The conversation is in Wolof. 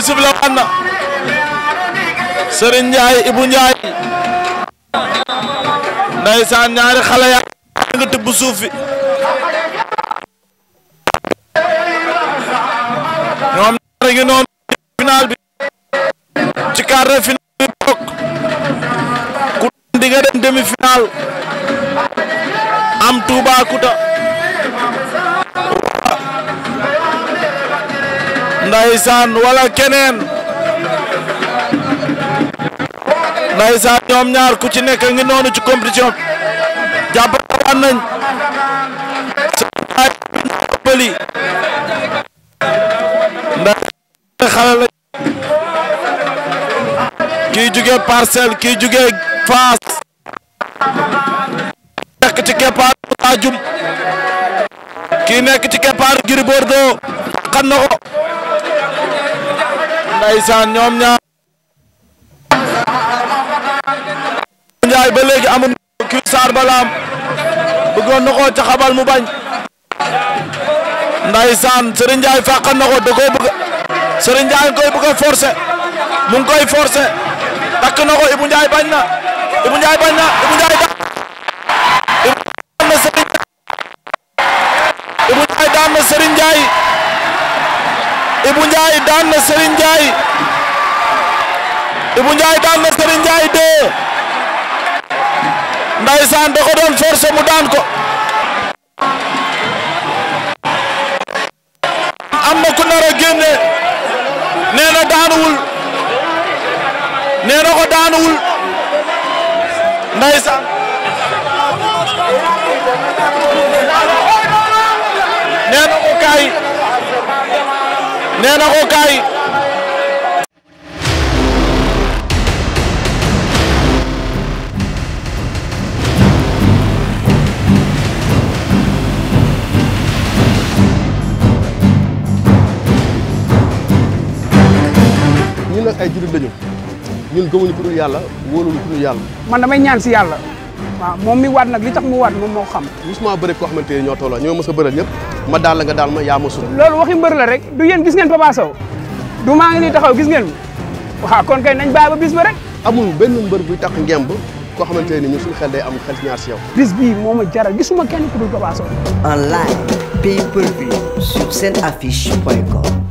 bi sifle waat na Serigne Ndiaye Ibou Ndiaye ndeysaan ñaari xale yaa nga tibb suuf fi ñoom ñaari ngi noonu bi ci quart de finale bi bokk ku di dem demi final am Touba Kouta ndaysaan wala keneen ndaysaan ñoom ñaar ku ci nekk ngi noonu ci compétition jàppante waan nañ bëli ndax xale kii jugee parcelle kii jugee Fass nekk ci keppaaru Moussa Dioum kii nekk ci keppaaru Gris Bordeaux xam na ko ndeysaan ñoom ñaar Njaay ba léegi amul Saar Balaam bëggoon na ko mu bañ ndeysaan Serigne Ndiaye fàqan na ko da koo bëgg Serigne Ndiaye koy bëgg a ngi koy forcer takk na ko Ibou bañ na Ibou Ndiaye bañ na Ibou Ndiaye daan na Ibou Ndiaye Ibou Ndiaye daan na Serigne Ndiaye Ibou Ndiaye daan na Serigne Ndiaye de ndaysaan da ko doon forcé mu daan ko am ku nar a génne nee na daanuwul nee na ko daanuwul ndaysaan nee na ko kaay ñun nag ay jullit lañu ñun gëmuñu ku dul yàlla wóoluñu ku dul yàlla. man damay ñaan si yàlla. waaw moom mi waat nag li tax mu waat moom moo xam. gisuma bëri koo xamante ñoo tolloo ñoo mës sa bëral ñëpp. ma daal la nga daal ma yaa ma sut loolu waxi mbër rek du yéen gis ngeen Papa Sow du maa ngi nii taxaw gis ngeen waaw kon kay nañ bàyyi ba bis ba rek amul benn mbër buy tax ngemb koo xamante ni ñun suñu xel day am xel ñaar si yow bis bii moom ma jaral gisuma kenn ku dul Papa Sow en live pay per view seen affiche point com